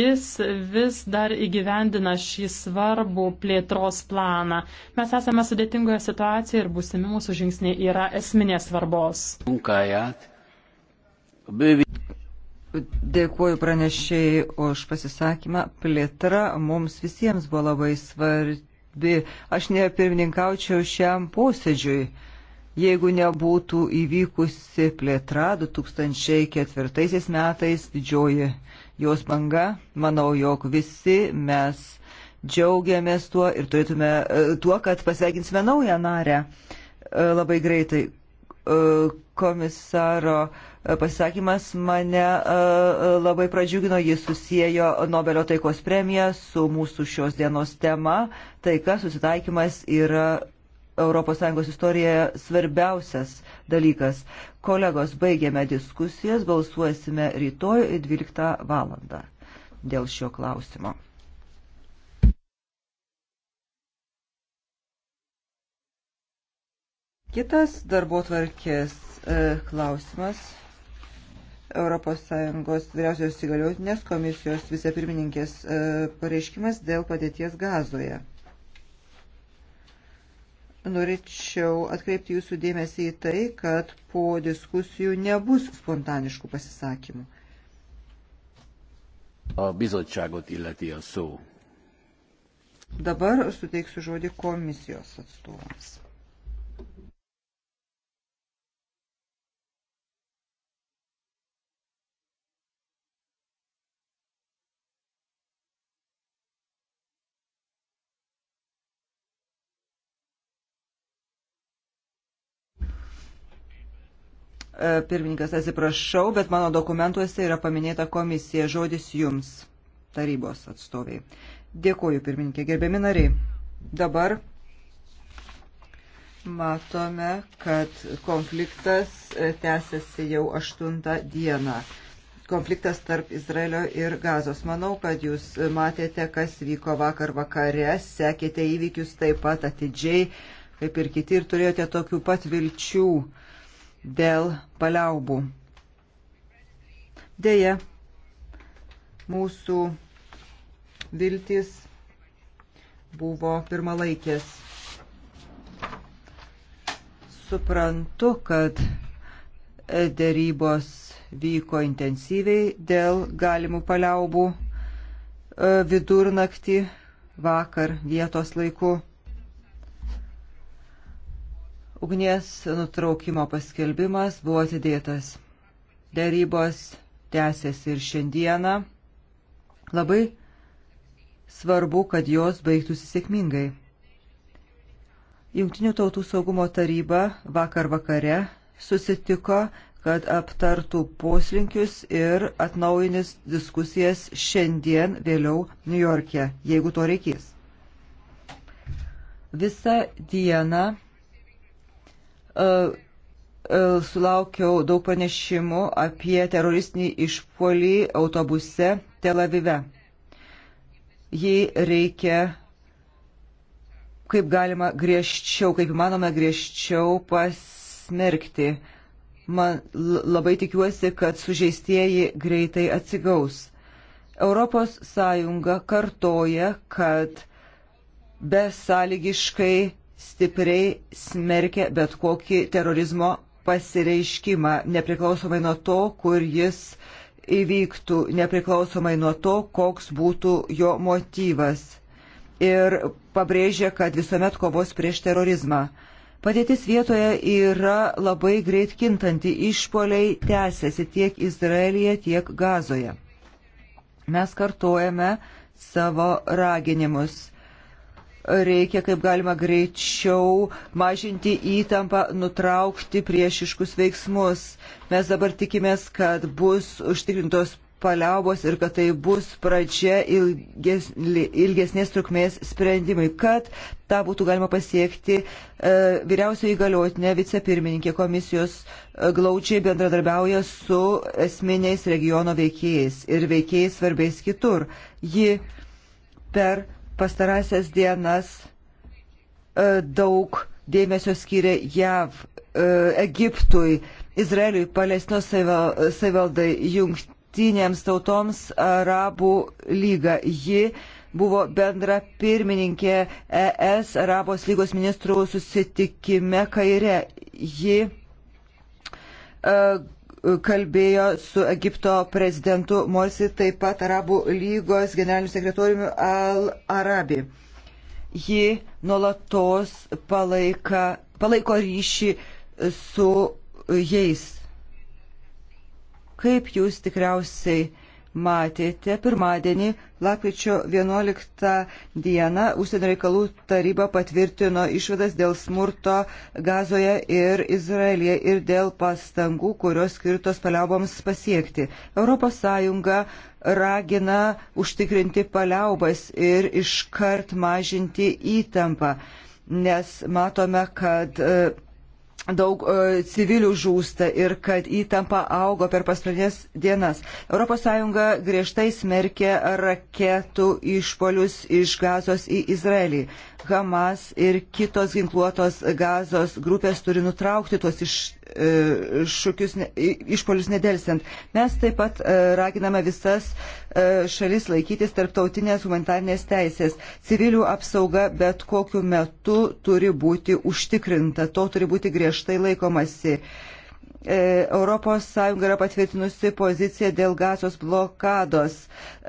jis vis dar įgyvendina šį svarbų plėtros planą. Mes esame sudėtingoje situacijoje ir būsimi mūsų žingsniai yra esminės svarbos. Dėkuoju pranešėjai už pasisakymą. Plėtra mums visiems buvo labai svarbi. Aš nepirmininkaučiau šiam posėdžiui jeigu nebūtų įvykusi plėtra 2004 metais didžioji jos banga. Manau, jog visi mes džiaugiamės tuo ir turėtume e, tuo, kad pasveikinsime naują narę e, labai greitai. E, komisaro pasisakymas mane labai pradžiugino, jis susijęjo Nobelio taikos premiją su mūsų šios dienos tema. Taika, susitaikymas yra ES istorijoje svarbiausias dalykas. Kolegos, baigėme diskusijas, balsuosime rytoj 12 valandą dėl šio klausimo. Kitas darbo tvarkės e, klausimas ES vyriausios įgaliotinės komisijos vicepirmininkės e, pareiškimas dėl padėties gazoje norėčiau atkreipti jūsų dėmesį į tai, kad po diskusijų nebus spontaniškų pasisakymų. A bizottságot illeti a szó. Dabar suteiksiu žodį komisijos atstovams. E, pirmininkas, atsiprašau, bet mano dokumentuose yra paminėta komisija. Žodis jums, tarybos atstoviai. Dėkuoju, pirmininkė. Gerbiami nariai, dabar matome, kad konfliktas e, tęsiasi jau aštuntą dieną. Konfliktas tarp Izraelio ir Gazos. Manau, kad jūs matėte, kas vyko vakar vakare, sekėte įvykius taip pat atidžiai, kaip ir kiti, ir turėjote tokių pat vilčių. Uh, dėl paliaubų. Deja, mūsų viltis buvo pirmalaikės. Suprantu, kad dėrybos vyko intensyviai dėl galimų paliaubų e, vidurnaktį vakar vietos laiku. Ugnies nutraukimo paskelbimas buvo atidėtas. Darybos tęsiasi ir šiandieną. Labai svarbu, kad jos baigtųsi sėkmingai. Jungtinių tautų saugumo taryba vakar vakare susitiko, kad aptartų poslinkius ir atnaujinis diskusijas šiandien vėliau Niujorke, jeigu to reikės. Visą dieną E, e, sulaukiau daug pranešimų apie teroristinį išpuolį autobuse Tel Avive. Jį reikia kaip galima griežčiau, kaip įmanoma griežčiau pasmerkti. Man labai tikiuosi, kad sužeistieji greitai atsigaus. Europos Sąjunga kartoja, kad besąlygiškai stipriai smerkia bet kokį terorizmo pasireiškimą, nepriklausomai nuo to, kur jis įvyktų, nepriklausomai nuo to, koks būtų jo motyvas. Ir pabrėžia, kad visuomet kovos prieš terorizmą. Padėtis vietoje yra labai greit kintanti, išpoliai tęsiasi tiek Izraelyje, tiek Gazoje. Mes kartuojame savo raginimus reikia kaip galima greičiau mažinti įtampą, nutraukti priešiškus veiksmus. Mes dabar tikimės, kad bus užtikrintos paliaubos ir kad tai bus pradžia ilges, ilgesnės trukmės sprendimai, kad tą būtų galima pasiekti. E, vyriausioji įgaliotinė vicepirmininkė komisijos e, glaučiai bendradarbiauja su esminiais regiono veikėjais ir veikėjais svarbiais kitur. Ji per pastarąsias dienas e, daug dėmesio skiria JAV, e, Egiptui, Izraeliui, Palestinos savivaldai, jungtinėms tautoms, Arabų lyga. Ji buvo bendra pirmininkė ES Arabos lygos ministrų susitikime kaire. Ji e, kalbėjo su Egipto prezidentu Morsi, taip pat Arabų lygos generaliniu sekretoriumi Al Arabi. Ji nuolatos palaika, palaiko ryšį su jais. Kaip jūs tikriausiai matėte, pirmadienį, lakvičio 11 dieną, užsienio reikalų taryba patvirtino išvadas dėl smurto Gazoje ir Izraelėje ir dėl pastangų, kurios skirtos paliauboms pasiekti. ES ragina užtikrinti paliaubas ir iškart mažinti įtampą, nes matome, kad e, daug e, civilių žūsta ir kad įtampa augo per pastarės dienas. ES griežtai smerkė raketų išpolius iš gazos į Izraelį. Hamas ir kitos ginkluotos gazos grupės turi nutraukti tuos iš, e, šukius, išpolius nedelsiant. Mes taip pat e, raginame visas e, šalis laikytis tarptautinės humanitarnės teisės. Civilių apsauga bet kokiu metu turi būti užtikrinta, to turi būti griežtai laikomasi. ES yra patvirtinusi poziciją dėl gazos blokados.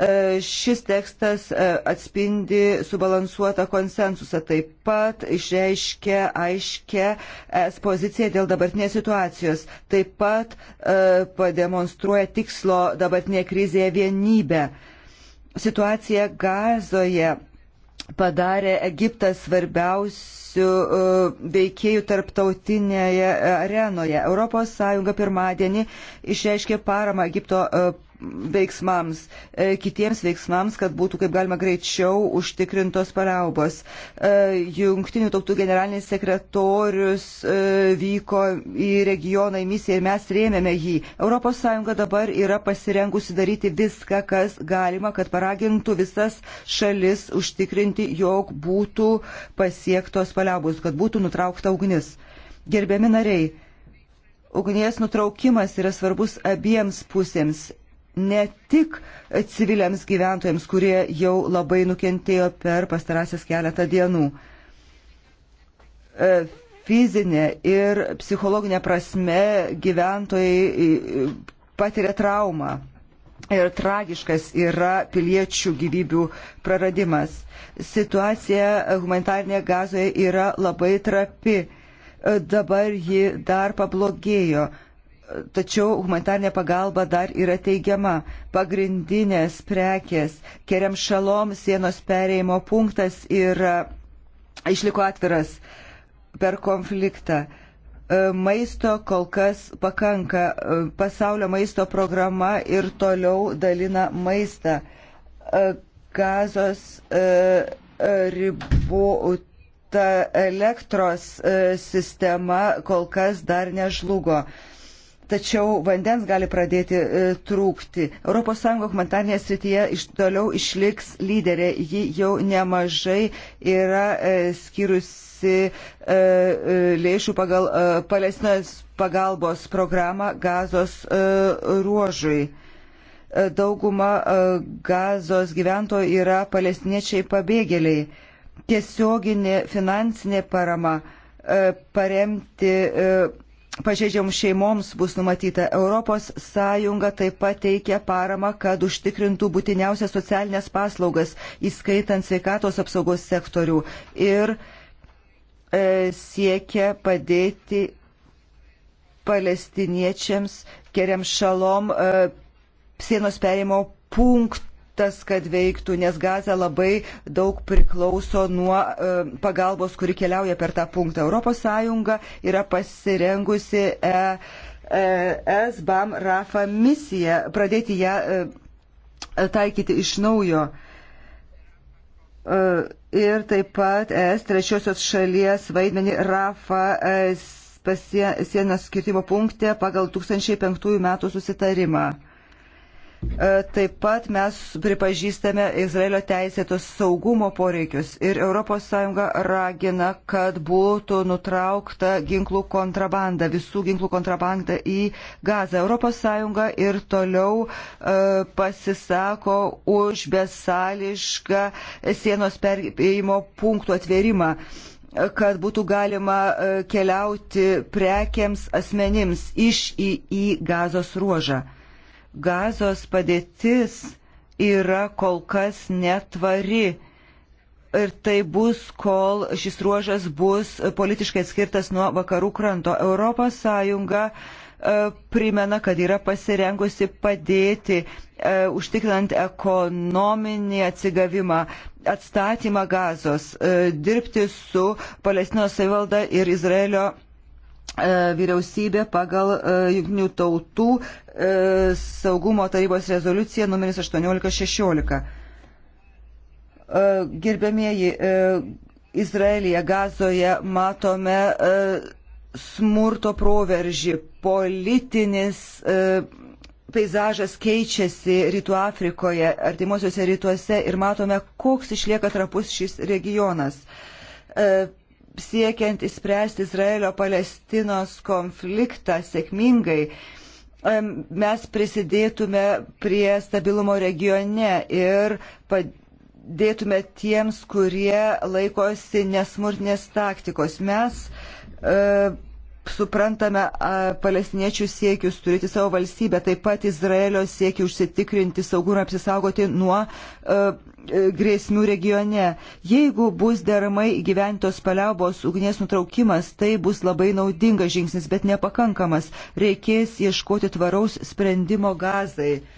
E, šis tekstas e, atspindi subalansuotą konsensusą, taip pat išreiškia aiškę es poziciją dėl dabartinės situacijos, taip pat e, pademonstruoja tikslo dabartinėje krizėje vienybę. Situacija gazoje padarė Egiptą svarbiausią teisių veikėjų tarptautinėje arenoje. ES pirmadienį išreiškė paramą Egipto e, veiksmams, e, kitiems veiksmams, kad būtų kaip galima greičiau užtikrintos paliaubos. E, Jungtinių tautų generalinis sekretorius e, vyko į regioną į misiją ir mes rėmėme jį. ES dabar yra pasirengusi daryti viską, kas galima, kad paragintų visas šalis užtikrinti, jog būtų pasiektos paliaubos, kad būtų nutraukta ugnis. Gerbiami nariai, ugnies nutraukimas yra svarbus abiems pusėms ne tik civiliams gyventojams, kurie jau labai nukentėjo per pastarąsias keletą dienų. E, fizinė ir psichologinė prasme gyventojai e, patiria traumą. Ir tragiškas yra piliečių gyvybių praradimas. Situacija humanitarnėje gazoje yra labai trapi. E, dabar ji dar pablogėjo tačiau humanitarnė pagalba dar yra teigiama. Pagrindinės prekės keriam šalom sienos pereimo punktas yra išliko atviras per konfliktą. E, maisto kol kas pakanka. E, pasaulio maisto programa ir toliau dalina maistą. E, gazos ribų ta elektros sistema kol kas dar nežlugo tačiau vandens gali pradėti e, trūkti. ES humanitarnėje srityje iš toliau išliks lyderė. Ji jau nemažai yra e, skyrusi e, lėšų pagal Palestinos pagalbos programą gazos ruožui. Dauguma gazos gyventojų yra palestiniečiai pabėgėliai. Tiesioginė finansinė parama paremti pažeidžiamų šeimoms bus numatyta. Europos Sąjunga taip pat teikia paramą, kad užtikrintų būtiniausias socialinės paslaugas, įskaitant sveikatos apsaugos sektorių ir e, siekia padėti palestiniečiams, keriam šalom, e, sienos perėjimo punktą tas, kad veiktų, nes Gaza labai daug priklauso nuo e, pagalbos, kuri keliauja per tą punktą. ES yra pasirengusi e, e, ESBAM RAFA misiją, pradėti ją taikyti iš naujo. Ir taip pat ES trečiosios šalies vaidmenį RAFA sienos skirtimo punkte pagal 2005 metų susitarimą E, taip pat mes pripažįstame Izraelio teisėtos saugumo poreikius ir ES ragina, kad būtų nutraukta ginklų kontrabanda, visų ginklų kontrabanda į Gazą. ES ir toliau e, pasisako už besališką sienos perėjimo punktų atvėrimą kad būtų galima e, keliauti prekiams asmenims iš į, į gazos ruožą. Gazos padėtis yra kol kas netvari ir tai bus, kol šis ruožas bus politiškai atskirtas nuo vakarų kranto. Europos Sąjunga e, primena, kad yra pasirengusi padėti, e, užtikrinant ekonominį atsigavimą, atstatymą gazos, e, dirbti su Palestinos savivalda ir Izraelio E, vyriausybė pagal e, Junktinių tautų e, saugumo tarybos rezoliuciją numeris 1816. Gerbėmieji, Izraelija, Gazoje matome smurto proveržį, politinis peizažas keičiasi Rytų Afrikoje, artimuosiuose rytuose ir matome, koks išlieka trapus šis regionas siekiant įspręsti Izraelio-Palestinos konfliktą sėkmingai, mes prisidėtume prie stabilumo regione ir padėtume tiems, kurie laikosi nesmurtinės taktikos. Mes suprantame palestiniečių siekius turėti savo valstybę, taip pat Izraelio siekį užsitikrinti saugumą, apsisaugoti nuo uh, grėsmių regione. Jeigu bus deramai gyventos paliaubos ugnies nutraukimas, tai bus labai naudingas žingsnis, bet nepakankamas. Reikės ieškoti tvaraus sprendimo gazai. Uh,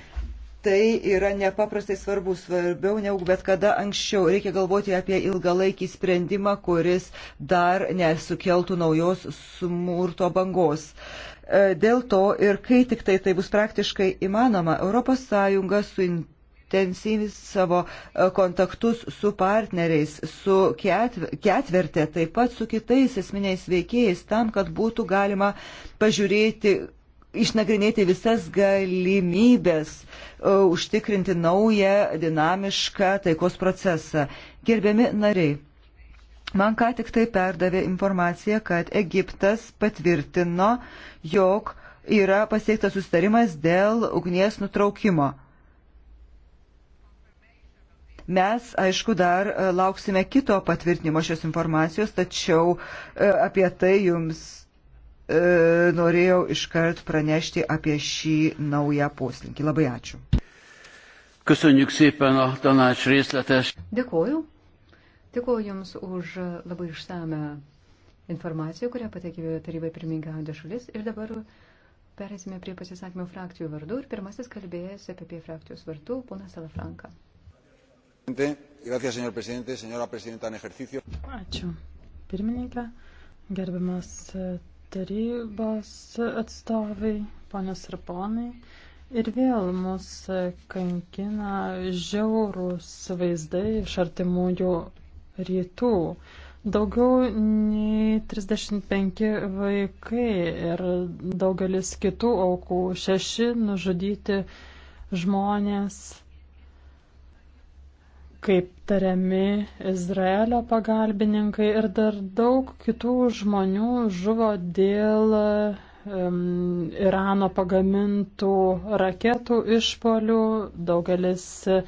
tai yra nepaprastai svarbu, svarbiau negu bet kada anksčiau. Reikia galvoti apie ilgalaikį sprendimą, kuris dar nesukeltų naujos smurto bangos. E, dėl to ir kai tik tai tai bus praktiškai įmanoma, ES suintensyvis savo e, kontaktus su partneriais, su ketvertė, taip pat su kitais esminiais veikėjais, tam, kad būtų galima pažiūrėti, išnagrinėti visas galimybės e, užtikrinti naują dinamišką taikos procesą. Gerbiami nariai, man ką tik tai perdavė informaciją, kad Egiptas patvirtino, jog yra pasiektas sustarimas dėl ugnies nutraukimo. Mes, aišku, dar e, lauksime kito patvirtinimo šios informacijos, tačiau e, apie tai jums E, norėjau iškart pranešti apie šį naują poslinkį. Labai ačiū. Köszönjük szépen a tanács részletes. Dėkuoju. Dėkuoju Jums už labai išsame informaciją, kurią patekė tarybai pirmininkaujantė šalis. Ir dabar perėsime prie pasisakymų frakcijų vardų. Ir pirmasis kalbėjęs apie, apie frakcijos vardų, ponas Salafranka. Ačiū. Pirmininkė, gerbiamas tarybos atstovai, ponios ir ponai. Ir vėl mus kankina žiaurūs vaizdai iš artimųjų rytų. Daugiau nei 35 vaikai ir daugelis kitų aukų, šeši nužudyti žmonės kaip tariami Izraelio pagalbininkai ir dar daug kitų žmonių žuvo dėl um, Irano pagamintų raketų išpolių, daugelis e,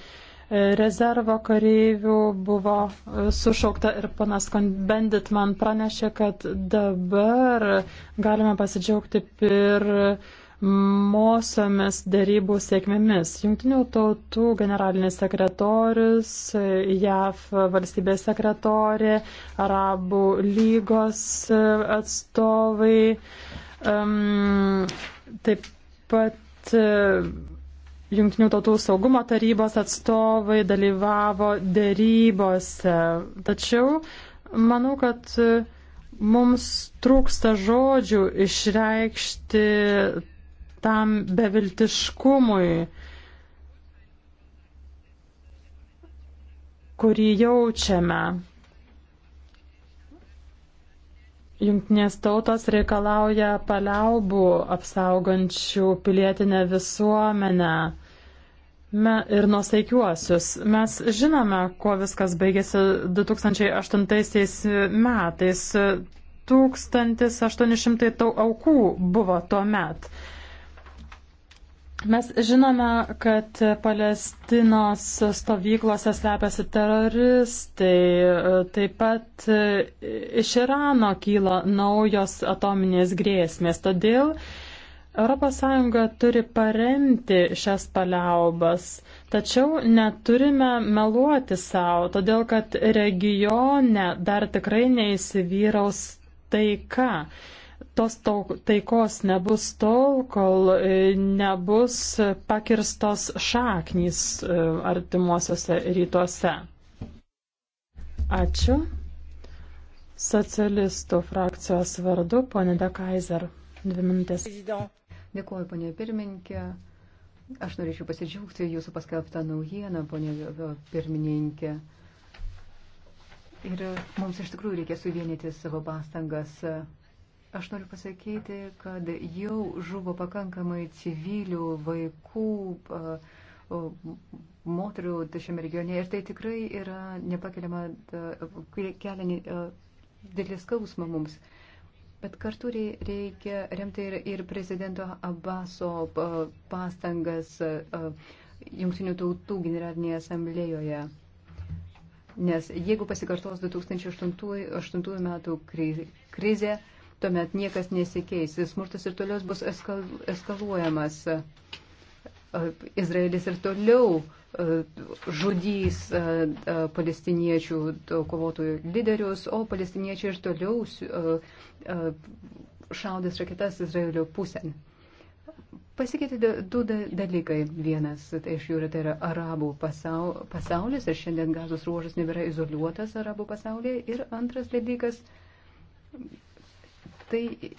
rezervo kareivių buvo e, sušaukta ir panas Bendit man pranešė, kad dabar galime pasidžiaugti ir uh, pirmosiomis darybų sėkmėmis. Junktinių tautų generalinis sekretorius, JAF valstybės sekretorė, Arabų lygos atstovai, um, taip pat e, Junktinių tautų saugumo tarybos atstovai dalyvavo darybose. Tačiau manau, kad e, mums trūksta žodžių išreikšti tam beviltiškumui, kurį jaučiame. Junktinės tautos reikalauja paliaubų apsaugančių pilietinę visuomenę me, ir nusaikiuosius. Mes žinome, kuo viskas baigėsi 2008 metais. 1800 aukų buvo tuo met. Mes žinome, kad Palestinos stovyklose slepiasi teroristai, taip pat iš Irano kyla naujos atominės grėsmės, todėl ES turi paremti šias paliaubas, tačiau neturime meluoti savo, todėl kad regione dar tikrai neįsivyraus taika tos taikos nebus tol, kol e, nebus pakirstos šaknys e, artimuosiuose rytuose. Ačiū. Socialistų frakcijos vardu, ponė De Kaiser. Dvi minutės. Dėkuoju, ponė pirmininkė. Aš norėčiau pasidžiaugti jūsų paskelbtą naujieną, ponė pirmininkė. Ir mums iš tikrųjų reikia suvienyti savo pastangas Aš noriu pasakyti, kad jau žuvo pakankamai civilių vaikų, moterų šiame regione ir tai tikrai yra nepakeliama, kelia didelį skausmą mums. Bet kartu reikia remti ir, ir prezidento Abaso pastangas Junktinių tautų generalinėje asamblėjoje. Nes jeigu pasikartos 2008 metų krizė, tuomet niekas nesikeis. Smurtas ir toliau bus eskal, eskaluojamas. Izraelis ir toliau e, žudys e, e, palestiniečių kovotojų lyderius, o palestiniečiai ir toliau šaudys raketas Izraelio pusėn. Pasikeitė du dalykai. Vienas tai iš jų yra, tai yra arabų pasaulis ir šiandien gazos ruožas nebėra izoliuotas arabų pasaulyje. Ir antras dalykas Tai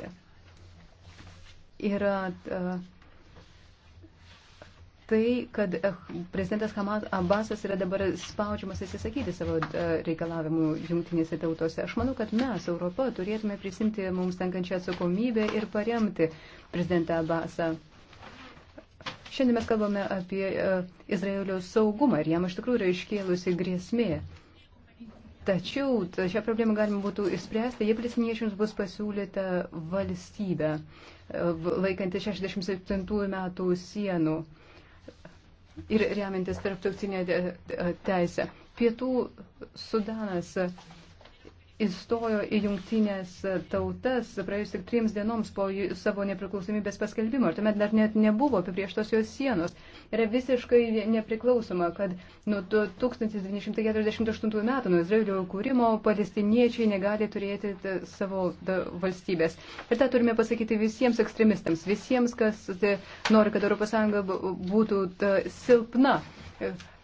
yra e, tai, kad e, prezidentas Hamas Abbasas yra dabar spaudžiamas atsisakyti savo e, reikalavimų jungtinėse tautose. Aš manau, kad mes, Europa, turėtume prisimti mums tenkančią atsakomybę ir paremti prezidentą Abbasą. Šiandien mes kalbame apie Izraelio saugumą ir jam iš tikrųjų yra iškėlusi grėsmė. Tačiau šią problemą galima būtų įspręsti, jei palestiniečiams bus pasiūlyta valstybė, e, laikanti 67 metų sienų ir remiantis tarptautinę teisę. Pietų Sudanas įstojo į jungtinės tautas praėjus tik trims dienoms po savo nepriklausomybės paskelbimo. Ir tuomet dar net nebuvo apibrieštos jos sienos. Yra visiškai nepriklausoma, kad nuo 1948 metų, nuo Izraelio kūrimo, palestiniečiai negali turėti savo valstybės. Ir tą turime pasakyti visiems ekstremistams, visiems, kas nori, kad ES būtų silpna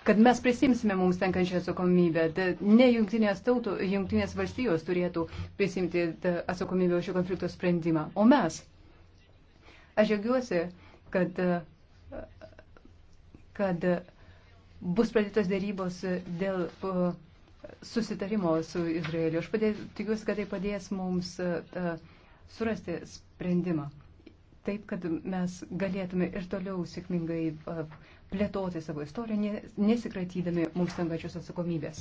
kad mes prisimsime mums tenkančią atsakomybę. Ne jungtinės, tautų, jungtinės valstijos turėtų prisimti atsakomybę už šio konflikto sprendimą, o mes. Aš džiaugiuosi, kad, kad bus pradėtos dėrybos dėl susitarimo su Izraeliu. Aš padė, tikiuosi, kad tai padės mums surasti sprendimą taip, kad mes galėtume ir toliau sėkmingai plėtoti savo istoriją, nesikratydami mums tenkačios atsakomybės.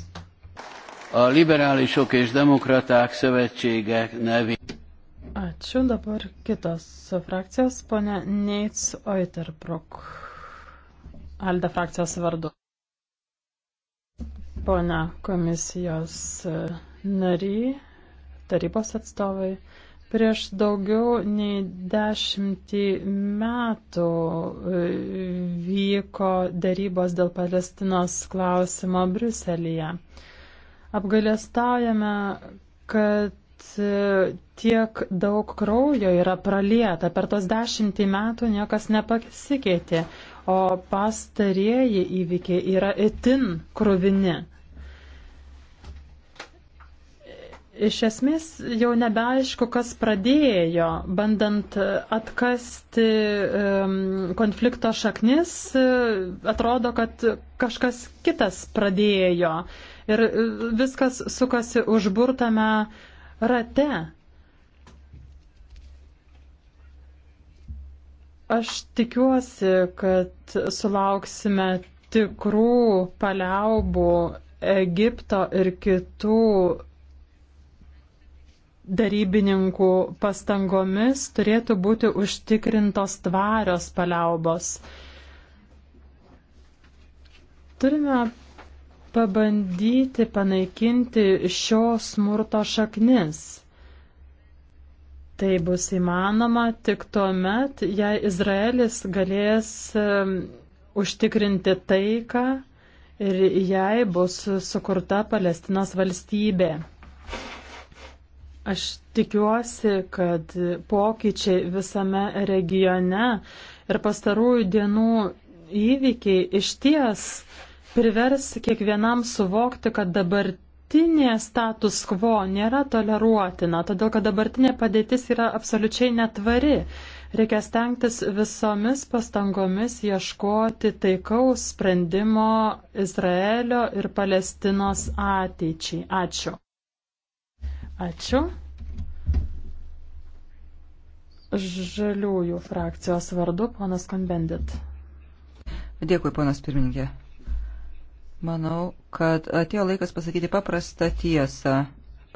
A liberálisok és demokraták szövetsége nevé. Ačiū dabar kitos frakcijos, ponia Neits Oiterbrok, Alda frakcijos vardu. Pone komisijos e, nariai, tarybos atstovai, Prieš daugiau nei dešimtį metų e, vyko darybos dėl Palestinos klausimo Bruselėje. Apgalėstaujame, kad e, tiek daug kraujo yra pralieta. Per tos dešimtį metų niekas nepasikeitė, o pastarieji įvykiai yra itin kruvini. iš esmės jau nebeaišku, kas pradėjo, bandant atkasti um, konflikto šaknis, e, atrodo, kad kažkas kitas pradėjo ir e, viskas sukasi užburtame rate. Aš tikiuosi, kad sulauksime tikrų paliaubų Egipto ir kitų darybininkų pastangomis turėtų būti užtikrintos tvarios paliaubos. Turime pabandyti panaikinti šio smurto šaknis. Tai bus įmanoma tik tuo met, jei Izraelis galės užtikrinti taiką ir jei bus sukurta Palestinos valstybė. Aš tikiuosi, kad pokyčiai visame regione ir pastarųjų dienų įvykiai iš ties privers kiekvienam suvokti, kad dabartinė status quo nėra toleruotina, todėl kad dabartinė padėtis yra absoliučiai netvari. Reikia stengtis visomis pastangomis ieškoti taikaus sprendimo Izraelio ir Palestinos ateičiai. Ačiū. Ačiū. Žaliųjų frakcijos vardu, ponas Konbendit. Dėkui, ponas pirmininkė. Manau, kad atėjo laikas pasakyti paprastą tiesą.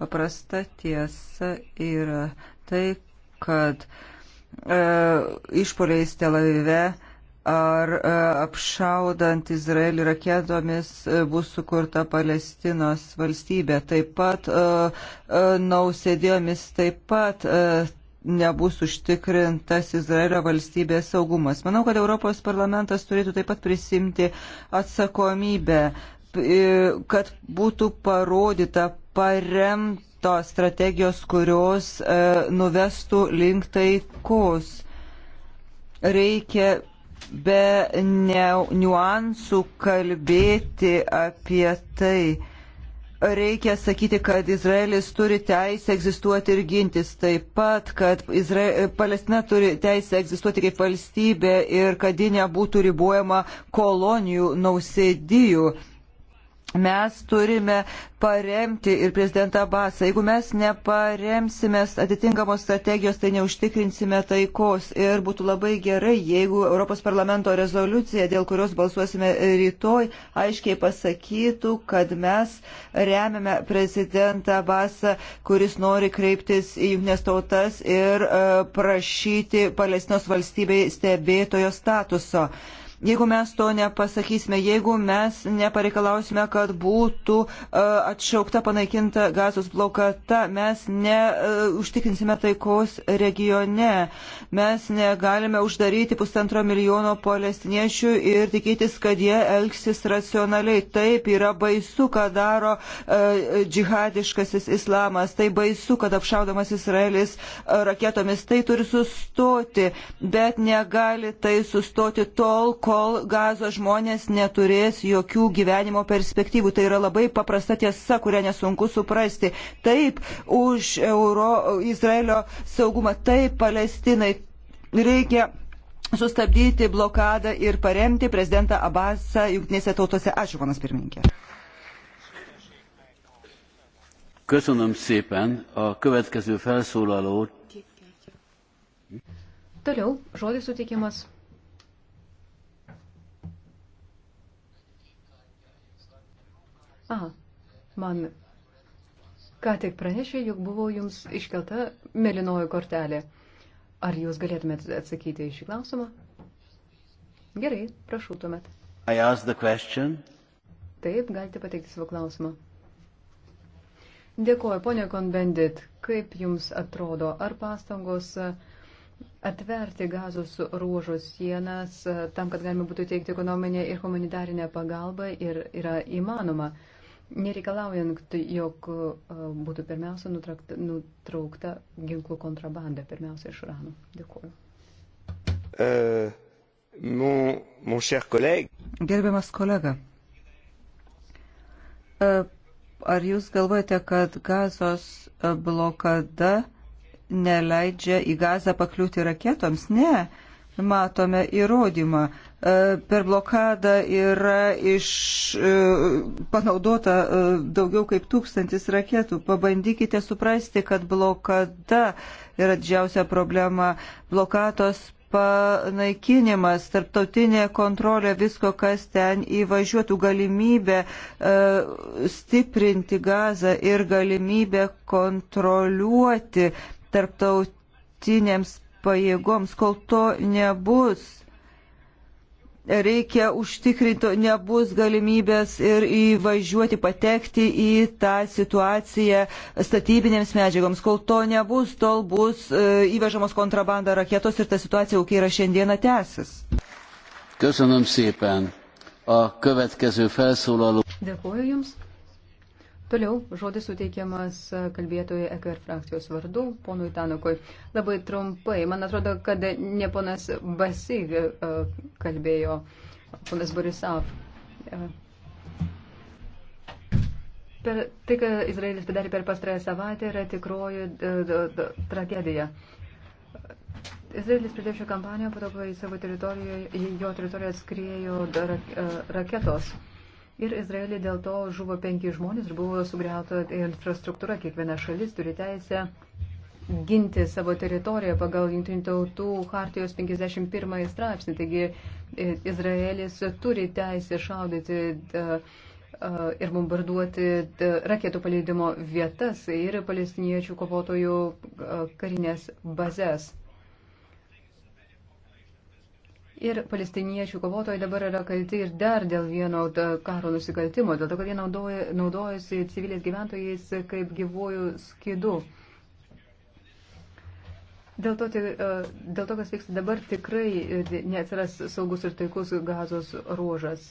Paprasta tiesa yra tai, kad e, išpoliais Telavive ar e, apšaudant Izraelį raketomis e, bus sukurta Palestinos valstybė. Taip pat e, nausėdėjomis taip pat nebus užtikrintas Izraelio valstybės saugumas. Manau, kad Europos parlamentas turėtų taip pat prisimti atsakomybę, kad būtų parodyta paremto strategijos, kurios nuvestų link taikos. Reikia be niuansų kalbėti apie tai. Reikia sakyti, kad Izraelis turi teisę egzistuoti ir gintis taip pat, kad Izra... Palestina turi teisę egzistuoti kaip valstybė ir kad ji nebūtų ribuojama kolonijų nausėdijų mes turime paremti ir prezidentą Basą. Jeigu mes neparemsime atitinkamos strategijos, tai neužtikrinsime taikos. Ir būtų labai gerai, jeigu Europos parlamento rezoliucija, dėl kurios balsuosime rytoj, aiškiai pasakytų, kad mes remiame prezidentą Basą, kuris nori kreiptis į jungtinės tautas ir e, prašyti Palestinos valstybei stebėtojo statuso. Uh, Jeigu mes to nepasakysime, jeigu mes nepareikalausime, kad būtų e, atšaukta panaikinta gazos blokata, mes neužtikrinsime e, taikos regione. Mes negalime uždaryti pusantro milijono palestiniečių ir tikėtis, kad jie elgsis racionaliai. Taip yra baisu, ką daro e, džihadiškasis islamas. Tai baisu, kad apšaudamas Izraelis raketomis. Tai turi sustoti, bet negali tai sustoti tol, kol kol gazo žmonės neturės jokių gyvenimo perspektyvų. Tai yra labai paprasta tiesa, kurią nesunku suprasti. Taip, už Euro, Izraelio saugumą, taip, Palestinai reikia sustabdyti blokadą ir paremti prezidentą Abbasą jungtinėse tautose. Ačiū, panas pirmininkė. Köszönöm szépen. A következő felszólaló. Toliau žodis suteikiamas A, man ką tik pranešė, jog buvo jums iškelta melinoji kortelė. Ar jūs galėtumėte atsakyti į šį klausimą? Gerai, prašau tuomet. Taip, galite pateikti savo klausimą. Dėkuoju, ponė Konbendit, kaip jums atrodo, ar pastangos atverti gazos ruožo sienas tam, kad galima būtų teikti ekonominę ir humanitarinę pagalbą ir yra įmanoma? nereikalaujant, nu, tai jog e, būtų pirmiausia nutrakta, nutraukta ginklų kontrabanda, pirmiausia iš Irano. Dėkuoju. Uh, mon, mon cher koleg. Gerbiamas kolega, e, ar jūs galvojate, kad gazos blokada neleidžia į gazą pakliūti raketoms? Ne, matome įrodymą. E, per blokadą yra iš, e, panaudota e, daugiau kaip tūkstantis raketų. Pabandykite suprasti, kad blokada yra didžiausia problema. Blokatos panaikinimas, tarptautinė kontrolė visko, kas ten įvažiuotų, galimybė stiprinti gazą ir galimybė kontroliuoti tarptautinėms pajėgoms, kol to nebus reikia užtikrinti, nebus galimybės ir įvažiuoti, patekti į tą situaciją statybinėms medžiagoms. Kol to nebus, tol bus e, įvežamos kontrabanda raketos ir ta situacija, kokia yra šiandieną, tęsis. Köszönöm szépen. A következő felszólaló. Dėkuoju Jums. Toliau žodis suteikiamas kalbėtojai EKR frakcijos vardu, ponui Tanukui. Labai trumpai, man atrodo, kad ne ponas Basi e, kalbėjo, ponas Borisav. E, per tai, ką Izraelis padarė per pastarąją savaitę, yra tikroji e, tragedija. Izraelis pradėjo šią kampaniją, po to, kai savo teritorijoje, jo teritoriją atskriejo raketos. Rak, Ir Izraelį dėl to žuvo penki žmonės ir buvo sugriauta infrastruktūra. Kiekviena šalis turi teisę ginti savo teritoriją pagal Junktinių tautų hartijos 51 straipsnį. Taigi e, Izraelis turi teisę šaudyti e, e, ir bombarduoti raketų paleidimo vietas ir palestiniečių kovotojų karinės bazės. Ir palestiniečių kovotojai dabar yra kalti ir dar dėl vieno karo nusikaltimo, dėl to, kad jie naudoja, naudojasi civiliais gyventojais kaip gyvojų skidu. Dėl to, e, dėl to, kas vyksta dabar, tikrai e, neatsiras saugus ir taikus gazos ruožas.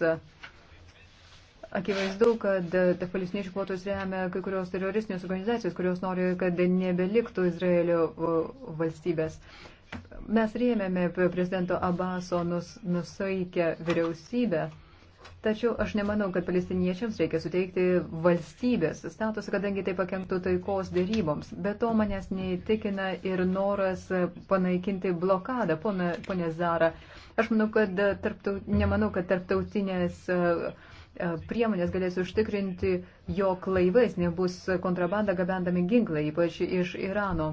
Akivaizdu, kad e, palestiniečių kvotus remia kai kurios teroristinės organizacijos, kurios nori, kad nebeliktų Izraelio valstybės. Mes rėmėme prezidento Abaso nus, nusaikę vyriausybę, tačiau aš nemanau, kad palestiniečiams reikia suteikti valstybės statusą, kadangi tai pakenktų taikos dėryboms. Be to manęs neįtikina ir noras panaikinti blokadą, ponė, ponė Zara. Aš manau, kad tarptau, nemanau, kad tarptautinės. Uh, priemonės galės užtikrinti, jog laivais nebus kontrabanda gabendami ginklai, ypač iš Irano.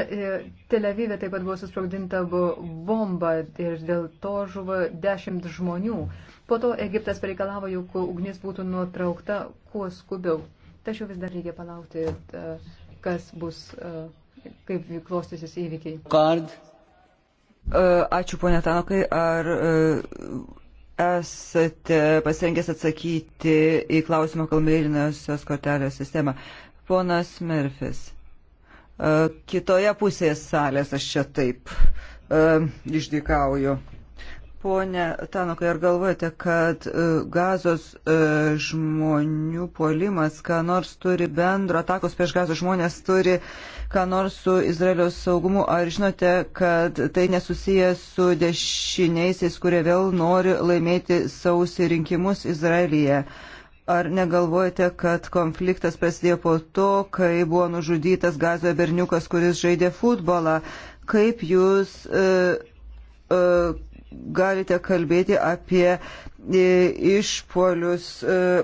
E, Tel Avive taip pat buvo susprogdinta bomba ir dėl to žuvo dešimt žmonių. Po to Egiptas pareikalavo, jog ugnis būtų nutraukta kuo skubiau. Tačiau vis dar reikia palaukti, e, kas bus, e, kaip klostysis įvykiai. Kard. Ačiū, ponia Tanokai. Ar esate pasirengęs atsakyti į klausimą kalmėrinosios kortelės sistemą? Ponas Merfis. E, kitoje pusėje salės aš čia taip e, išdykauju. Pone Tanokai, ar galvojate, kad e, gazos žmonių polimas, ką nors turi bendro, atakos prieš gazos žmonės turi, ką nors su Izraelio saugumu, ar žinote, kad tai nesusijęs su dešiniaisiais, kurie vėl nori laimėti sausį rinkimus Izraelyje? Uh, Ar negalvojate, kad konfliktas prasidėjo po to, kai buvo nužudytas gazoje berniukas, kuris žaidė futbolą? Kaip jūs uh, uh, galite kalbėti apie uh, išpolius, uh,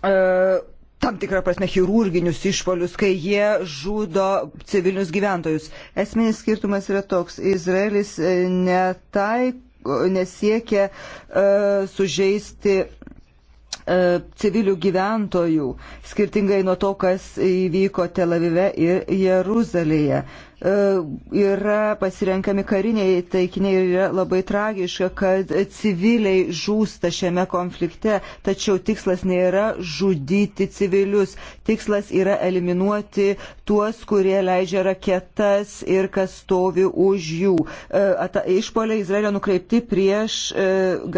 uh, tam tikrą prasme chirurginius išpolius, kai jie žudo civilinius gyventojus? Esminis skirtumas yra toks. Izraelis netaik nesiekia uh, sužeisti E, civilių gyventojų, skirtingai nuo to, kas įvyko Telavive ir Jeruzalėje. E, yra pasirenkami kariniai taikiniai ir yra labai tragiška, kad civiliai žūsta šiame konflikte, tačiau tikslas nėra žudyti civilius, tikslas yra eliminuoti tuos, kurie leidžia raketas ir kas stovi už jų. E, išpoliai Izraelio nukreipti prieš e,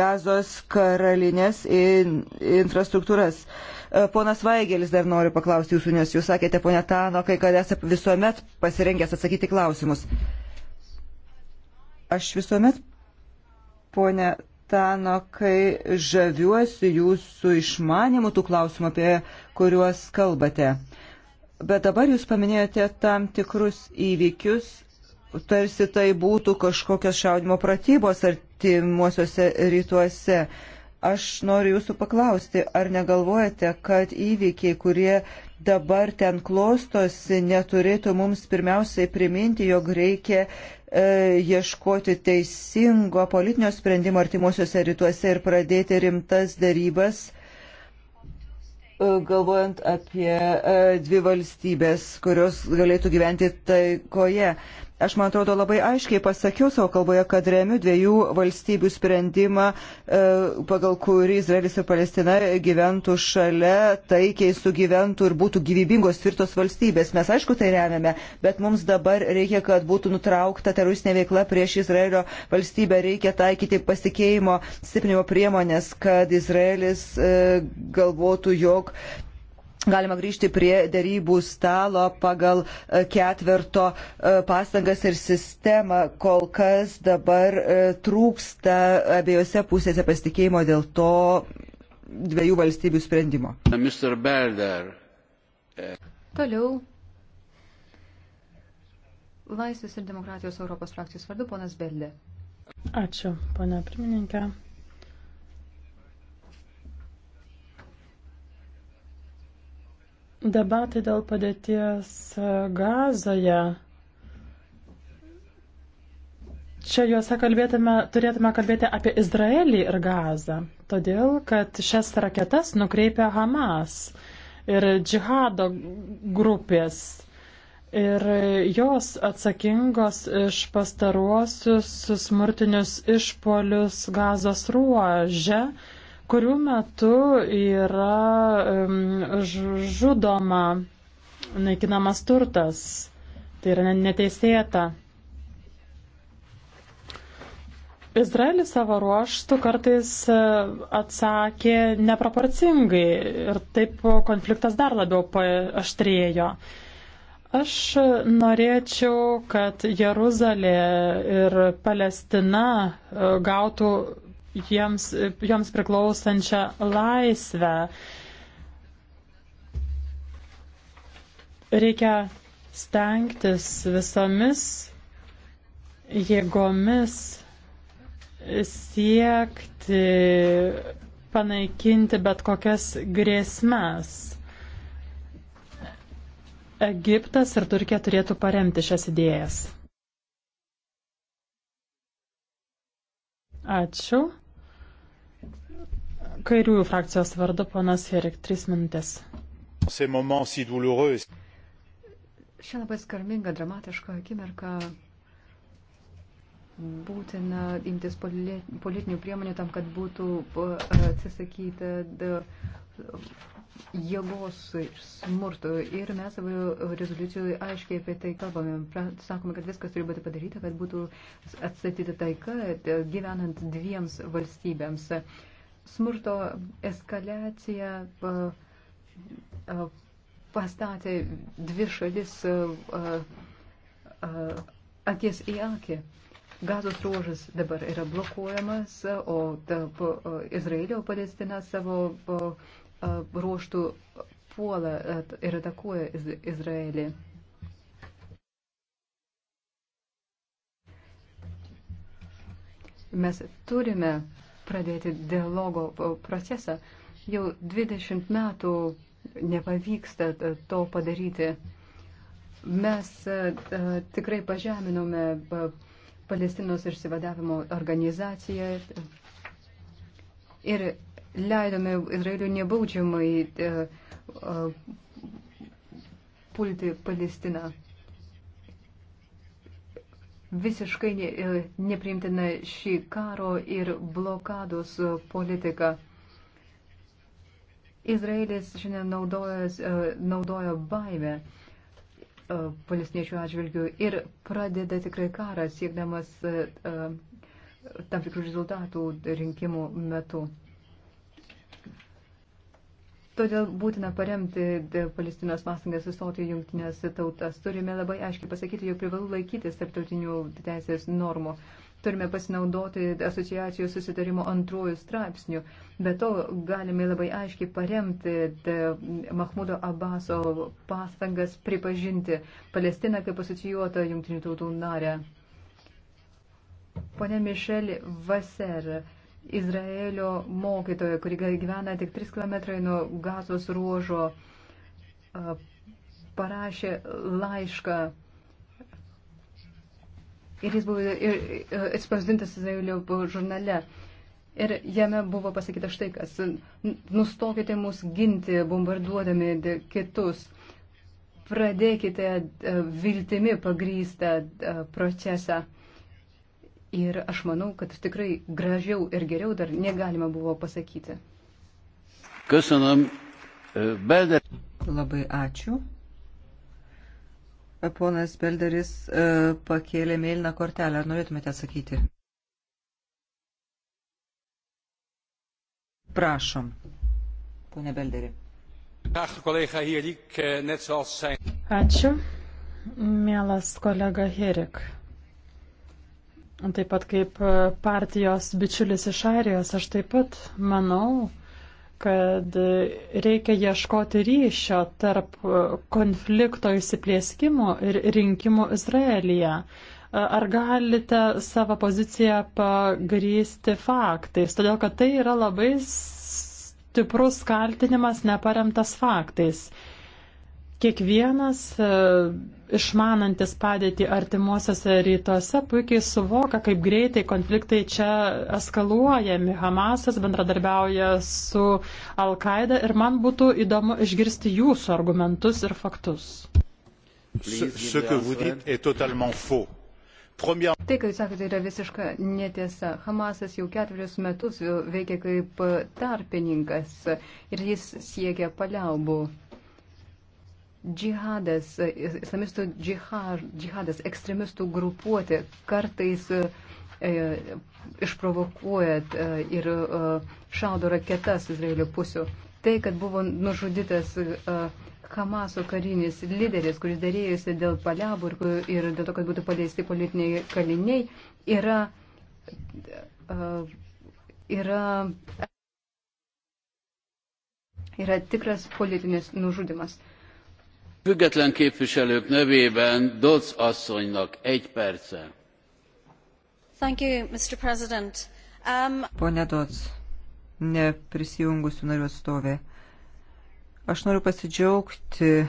gazos karalinės infrastruktūras. In E, ponas Vaigelis dar noriu paklausti jūsų, nes jūs sakėte, ponė Tano, kai kad esate visuomet pasirengęs atsakyti klausimus. Aš visuomet, ponė Tano, kai žaviuosi jūsų išmanimu tų klausimų, apie kuriuos kalbate. Bet dabar jūs paminėjote tam tikrus įvykius, tarsi tai būtų kažkokios šaudimo pratybos artimuosiuose rytuose. Aš noriu jūsų paklausti, ar negalvojate, kad įvykiai, kurie dabar ten klostosi, neturėtų mums pirmiausiai priminti, jog reikia e, ieškoti teisingo politinio sprendimo artimuosiuose rytuose ir pradėti rimtas darybas, e, galvojant apie e, dvi valstybės, kurios galėtų gyventi taikoje. E, Aš, man atrodo, labai aiškiai pasakiau savo kalboje, kad remiu dviejų valstybių sprendimą, e, pagal kurį Izraelis ir Palestina gyventų šalia, taikiai sugyventų ir būtų gyvybingos tvirtos valstybės. Mes aišku tai remiame, bet mums dabar reikia, kad būtų nutraukta teroristinė veikla prieš Izraelio valstybę, reikia taikyti pasikeimo stiprinimo priemonės, kad Izraelis e, galvotų, jog Galima grįžti prie dėrybų stalo pagal e, ketverto e, pastangas ir sistemą. Kol kas dabar e, trūksta abiejose pusėse pasitikėjimo dėl to dviejų valstybių sprendimo. Toliau. Laisvės ir demokratijos Europos frakcijos vardu ponas Beldė. Ačiū, ponia pirmininkė. Debatai dėl padėties e, gazoje. Čia juose kalbėtume, turėtume kalbėti apie Izraelį ir gazą, todėl kad šias raketas nukreipia Hamas ir džihado grupės. Ir jos atsakingos iš pastaruosius smurtinius išpolius gazos ruožę kurių metu yra žudoma, naikinamas turtas. Tai yra neteisėta. Izraelis savo ruoštų kartais e, atsakė neproporcingai ir taip konfliktas dar labiau paaštrėjo. Aš norėčiau, kad Jeruzalė ir Palestina e, gautų jiems, joms priklausančią laisvę. Reikia stengtis visomis jėgomis siekti panaikinti bet kokias grėsmes. Egiptas ir Turkija turėtų paremti šias idėjas. Ačiū. Kairiųjų frakcijos vardu ponas Herik, trys minutės. Šią labai skarmingą, dramatišką akimirką būtina imtis politinių priemonių tam, kad būtų atsisakyta jėgos smurto. Ir mes savo rezoliucijoje aiškiai apie tai kalbame. Sakome, kad viskas turi būti padaryta, kad būtų atstatyta taika e, gyvenant dviems valstybėms. Smurto eskalacija pastatė dvi šalis e, akies į akį. Gazos ruožas dabar yra blokuojamas, o Izraelio Palestina savo ruoštų puola ir atakuoja iz, Izraelį. Mes turime pradėti dialogo procesą. Jau 20 metų nepavyksta to padaryti. Mes tikrai pažeminome Palestinos išsivadavimo organizaciją ir leidome Izraeliu nebaudžiamai e, e, pulti Palestiną. Visiškai ne, e, nepriimtina šį karo ir blokados politiką. Izraelis šiandien naudojas, naudoja baimę palestiniečių atžvilgių ir pradeda tikrai karą siekdamas tam tikrų rezultatų rinkimų metu. Todėl būtina paremti Palestinos pastangas įstoti į jungtinės tautas. Turime labai aiškiai pasakyti, jog privalu laikytis tarptautinių teisės normų. Turime pasinaudoti asociacijos susitarimo antrojų straipsnių. Be to, galime labai aiškiai paremti Mahmudo Abbaso pastangas pripažinti Palestiną kaip asocijuotą jungtinių tautų narę. Pone Mišelį Vaser Izraelio mokytoja, kuri gyvena tik 3 km nuo gazos ruožo, parašė laišką ir jis buvo atspausdintas Izraelio žurnale. Ir jame buvo pasakyta štai kas, nustokite mus ginti, bombarduodami kitus, pradėkite viltimi pagrystą procesą. Ir aš manau, kad tikrai gražiau ir geriau dar negalima buvo pasakyti. Kasanam, e, Belder. Labai ačiū. E, ponas Belderis e, pakėlė mėlyną kortelę. Ar norėtumėte atsakyti? Prašom, ponė Belderi. Ačiū, mielas kolega Herik. Taip pat kaip e, partijos bičiulis iš Airijos, aš taip pat manau, kad e, reikia ieškoti ryšio tarp e, konflikto įsiplėskimo ir rinkimų Izraelyje. Ar galite savo poziciją pagrysti faktais? Todėl, kad tai yra labai stiprus kaltinimas neparemtas faktais. Kiekvienas e, išmanantis padėtį artimuosiuose rytuose puikiai suvoka, kaip greitai konfliktai čia eskaluojami. Hamasas bendradarbiauja su Al-Qaeda ir man būtų įdomu išgirsti jūsų argumentus ir faktus. Tai, ką jūs sakote, yra visiška netiesa. Hamasas jau ketverius metus veikia kaip tarpininkas ir jis siekia paliaubų. Džihadas, islamistų džihadas, ekstremistų grupuotė kartais e, išprovokuoja e, ir e, šaudo raketas Izraelio pusių. Tai, kad buvo nužudytas e, Hamaso karinis lyderis, kuris dėrėjusi dėl paliabų ir, ir dėl to, kad būtų paleisti politiniai kaliniai, yra, e, yra, yra tikras politinis nužudimas független képviselők nevében dodds asszonynak egy perce. You, um... Pone Dots, neprisijungusių narių atstovė. Aš noriu pasidžiaugti e,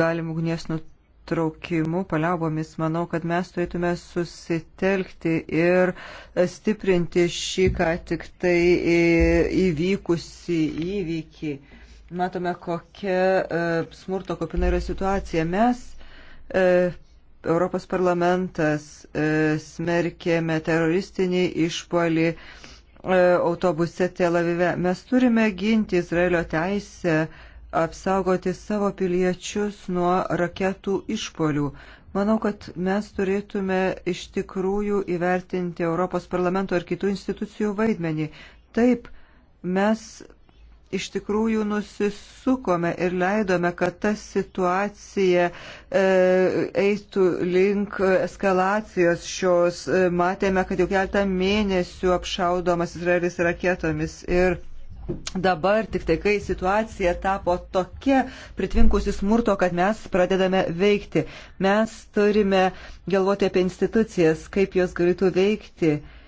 galimų ugnies nutraukimu, paliaubomis. Manau, kad mes turėtume susitelkti ir stiprinti šį ką tik tai e, įvykusi įvykį matome, kokia e, smurto kopina yra situacija. Mes, e, Europos parlamentas, e, smerkėme teroristinį išpolį autobuse Tel Avive. Mes turime ginti Izraelio teisę apsaugoti savo piliečius nuo raketų išpolių. Manau, kad mes turėtume iš tikrųjų įvertinti Europos parlamento ir kitų institucijų vaidmenį. Taip, mes iš tikrųjų nusisukome ir leidome, kad ta situacija e, eitų link eskalacijos šios. E, matėme, kad jau keltą mėnesių apšaudomas Izraelis raketomis ir Dabar tik tai, kai situacija tapo tokia pritvinkusi smurto, kad mes pradedame veikti. Mes turime galvoti apie institucijas, kaip jos galėtų veikti. E,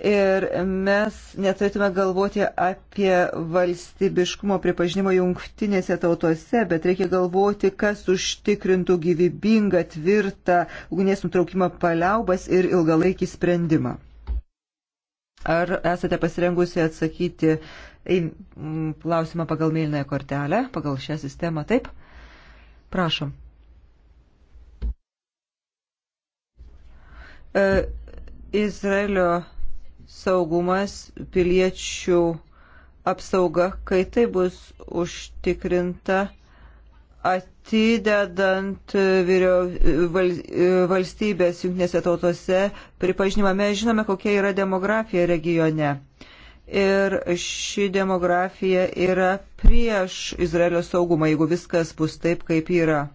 Ir mes neturėtume galvoti apie valstybiškumo pripažinimo jungtinėse tautose, bet reikia galvoti, kas užtikrintų gyvybingą, tvirtą ugnies nutraukimą paliaubas ir ilgalaikį sprendimą. Ar esate pasirengusi atsakyti į mm, klausimą pagal mėlynąją kortelę, pagal šią sistemą? Taip? Prašom. E, Izraelio saugumas, piliečių apsauga, kai tai bus užtikrinta atidedant vyrio, val, valstybės jungtinėse tautose pripažinimą. Mes žinome, kokia yra demografija regione. Ir ši demografija yra prieš Izraelio saugumą, jeigu viskas bus taip, kaip yra.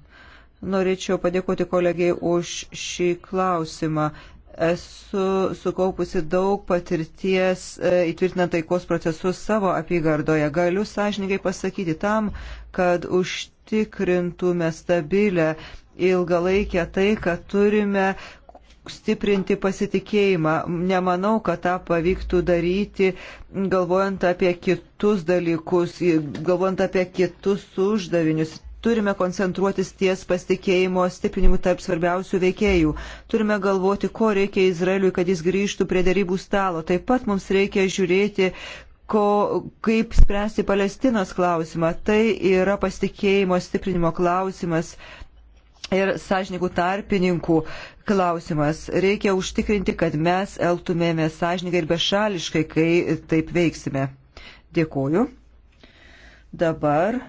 Norėčiau padėkoti kolegiai už šį klausimą. Esu sukaupusi daug patirties e, įtvirtinant taikos procesus savo apygardoje. Galiu sąžininkai pasakyti tam, kad užtikrintume stabilę ilgalaikę taiką, turime stiprinti pasitikėjimą. Nemanau, kad tą pavyktų daryti, galvojant apie kitus dalykus, galvojant apie kitus uždavinius turime koncentruotis ties pasitikėjimo stiprinimu tarp svarbiausių veikėjų. Turime galvoti, ko reikia Izraeliui, kad jis grįžtų prie darybų stalo. Taip pat mums reikia žiūrėti, ko, kaip spręsti Palestinos klausimą. Tai yra pasitikėjimo stiprinimo klausimas. Ir sąžininkų tarpininkų klausimas. Reikia užtikrinti, kad mes elgtumėme sąžininkai ir bešališkai, kai taip veiksime. Dėkuoju. Dabar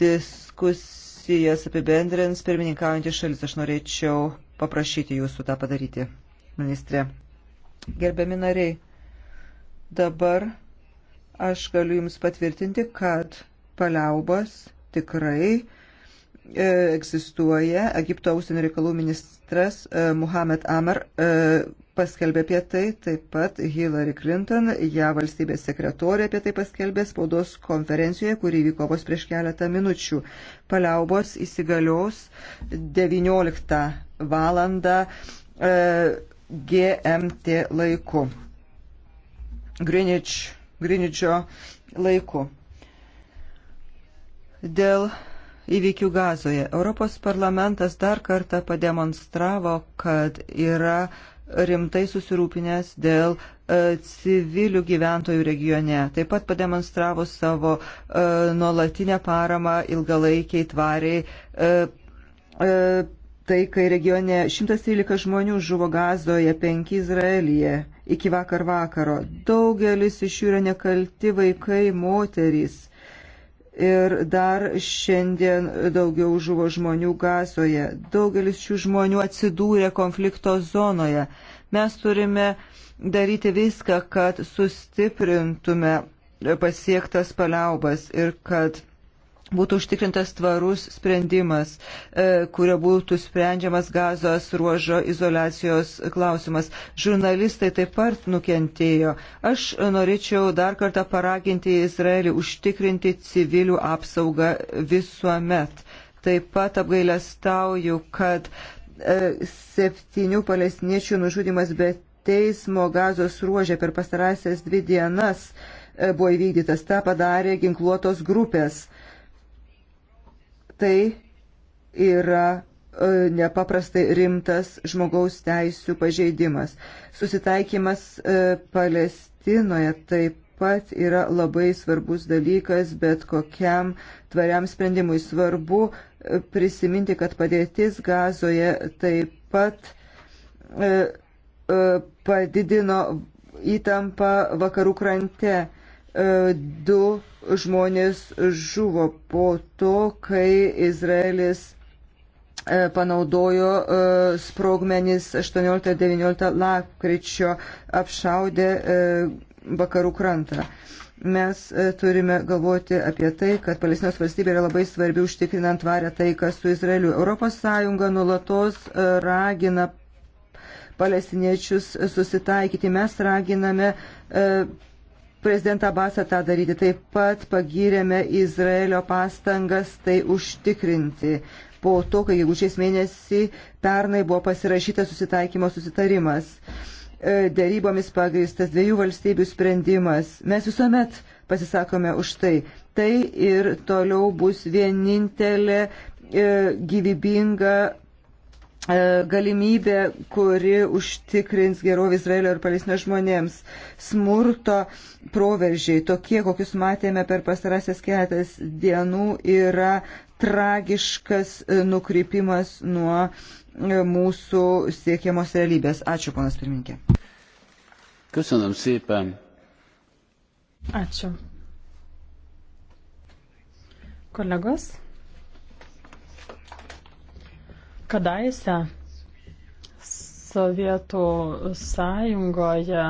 diskusijas apibendrins pirmininkaujantį šalis. Aš norėčiau paprašyti jūsų tą padaryti, ministrė. Gerbiami nariai, dabar aš galiu Jums patvirtinti, kad paliaubas tikrai e, egzistuoja. Egipto ausinių reikalų ministras e, Muhammad Amar e, paskelbė apie tai, taip pat Hillary Clinton, ją valstybės sekretorė apie tai paskelbė spaudos konferencijoje, kuri vyko vos prieš keletą minučių. Paliaubos įsigalios 19 valandą e, GMT laiku. Greenwich, Greenwich'o laiku. Dėl įvykių gazoje Europos parlamentas dar kartą pademonstravo, kad yra rimtai susirūpinęs dėl e, civilių gyventojų regione. Taip pat pademonstravo savo e, nuolatinę paramą ilgalaikiai tvariai e, taikai regione 113 žmonių žuvo gazoje, 5 Izraelyje iki vakar vakaro. Daugelis iš jų yra nekalti vaikai, moterys ir dar šiandien daugiau žuvo žmonių gazoje. Daugelis šių žmonių atsidūrė konflikto zonoje. Mes turime daryti viską, kad sustiprintume pasiektas paliaubas ir kad būtų užtikrintas tvarus sprendimas, e, kurio būtų sprendžiamas gazos ruožo izolacijos klausimas. Žurnalistai taip pat nukentėjo. Aš norėčiau dar kartą paraginti Izraelį užtikrinti civilių apsaugą visuomet. Taip pat apgailestauju, kad e, septynių palestiniečių nužudimas be teismo gazos ruožė per pastarąsias dvi dienas e, buvo įvykdytas. Ta padarė ginkluotos grupės tai yra e, nepaprastai rimtas žmogaus teisų pažeidimas. Susitaikymas e, Palestinoje taip pat yra labai svarbus dalykas, bet kokiam tvariam sprendimui svarbu e, prisiminti, kad padėtis gazoje taip pat padidino įtampą vakarų krante. E, du žmonės žuvo po to, kai Izraelis e, panaudojo e, sprogmenis 18-19 lapkričio apšaudę vakarų krantą. Mes turime galvoti apie tai, kad Palestinos valstybė yra labai svarbi užtikrinant tvarę taiką su Izraeliu. ES nulatos ragina palestiniečius susitaikyti. Mes raginame prezidentą Basą tą daryti. Taip pat pagyrėme Izraelio pastangas tai užtikrinti. Po to, kai gegužės mėnesį pernai buvo pasirašytas susitaikymo susitarimas, e, dėrybomis pagristas dviejų valstybių sprendimas. Mes visuomet pasisakome už tai. Tai ir toliau bus vienintelė e, gyvybinga E, galimybė, kuri užtikrins gerovę Izraelio ir palestinio žmonėms. Smurto proveržiai, tokie, kokius matėme per pastarąsias keletas dienų, yra tragiškas e, nukrypimas nuo e, mūsų siekiamos realybės. Ačiū, ponas pirmininkė. Köszönöm szépen. Ačiū. Kolegos. Kadaise Sovietų sąjungoje